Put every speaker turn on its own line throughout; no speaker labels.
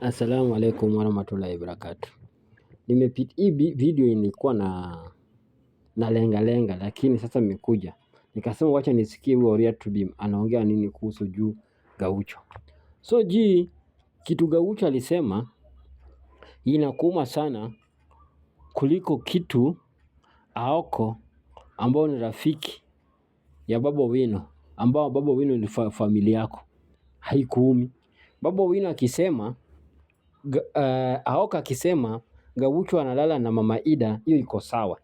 Assalamu alaikum warahmatullahi wabarakatuh. Nimepita hii video ilikuwa na na lenga lenga, lakini sasa imekuja nikasema wacha nisikie huyo Oria Tubim anaongea nini kuhusu juu Gaucho. So ji kitu Gaucho alisema inakuuma sana kuliko kitu Aoko ambao ni rafiki ya Baba Wino ambao Baba Wino ni familia yako haikuumi. Bobi Wine akisema uh, Aoka akisema Gaucho analala na mama Ida, hiyo iko sawa,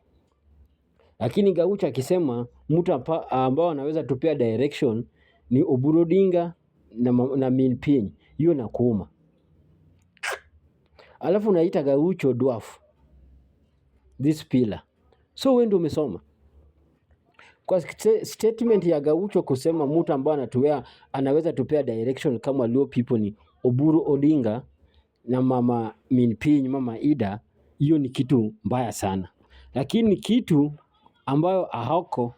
lakini Gaucho akisema mtu ambao anaweza tupia direction ni Oburu Odinga na, na Minpin, hiyo na kuuma. Alafu unaita Gaucho dwarf this pillar, so wewe ndio umesoma kwa statement ya Gaucho kusema mtu ambaye anatuwea anaweza tupea direction kama Luo people ni Oburu Odinga na mama Minpiny, mama Ida, hiyo ni kitu mbaya sana, lakini kitu ambayo Ahoko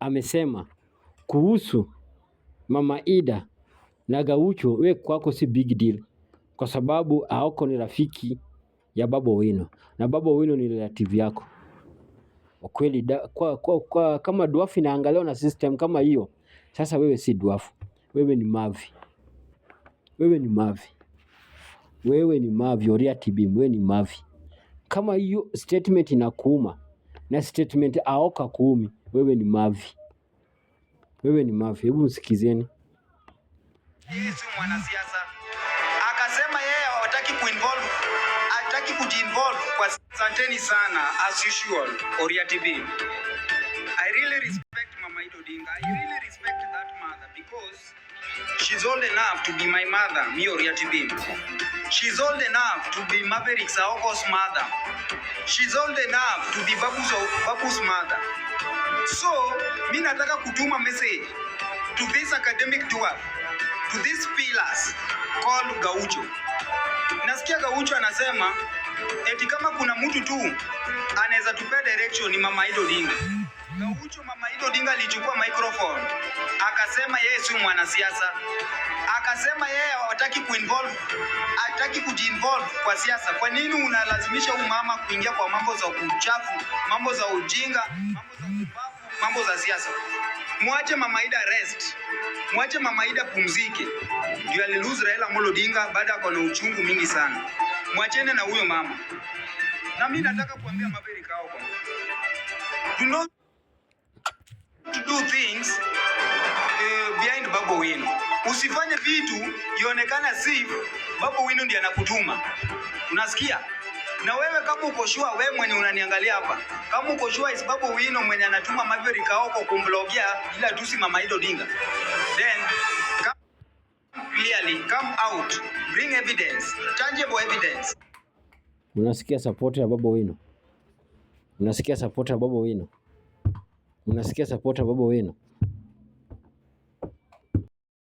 amesema kuhusu mama Ida na Gaucho, we kwako si big deal, kwa sababu Ahoko ni rafiki ya Babo Wino na Babo Wino ni relative yako kwa kweli kwa, kwa, kwa, kama dwafu inaangaliwa na system kama hiyo, sasa wewe si dwafu, wewe ni mavi, wewe ni mavi, wewe ni mavi, oria tibimu, wewe ni mavi. Kama hiyo statement inakuuma na statement aoka kuumi, wewe ni mavi, wewe ni mavi. Hebu msikizeni yeye si mwanasiasa. Akasema yeye hawataki kuinvolve, hataki kujiinvolve kwa. Asanteni sana as usual, Oria TV. I really respect Mama Ida Odinga. I really respect that mother because she's old enough to be my mother, me Oria TV. She's old enough to be Maverick Saoko's mother. She's old enough to be Babu's, Babu's mother. So, mimi nataka kutuma message to this academic dwarf to these pillars called Gaucho. Nasikia Gaucho anasema eti kama kuna mtu tu anaweza tupea direction ni Mama Ido Dinga. Gaucho, Mama Ido Dinga alichukua microphone akasema yeye si mwanasiasa, akasema yeye hawataki kuinvolve, hataki kujinvolve kwa siasa. Kwa nini unalazimisha huyu mama kuingia kwa mambo za uchafu, mambo za ujinga, mambo za ubavu, mambo za siasa? Mwache Mama Ida rest. Mwache Mama Ida pumzike. Ndio aliluzi Raila Amolo Odinga baada ya kuwa na uchungu mingi sana. Mwachene na huyo mama. Na mimi nataka kuambia Maverick hao. you know to do things uh, behind Babu Wino. Usifanye vitu ionekana si Babu Wino ndiye anakutuma. Unasikia? Na wewe kama uko sure, wewe mwenye unaniangalia hapa, kama uko sure sababu wino mwenye anatuma Maverick Kaoko kumblogia ila tusi Mama hilo dinga then clearly, come out, bring evidence, tangible evidence. Unasikia support ya Baba Wino? Unasikia support ya Baba Wino? Unasikia support ya Baba Wino?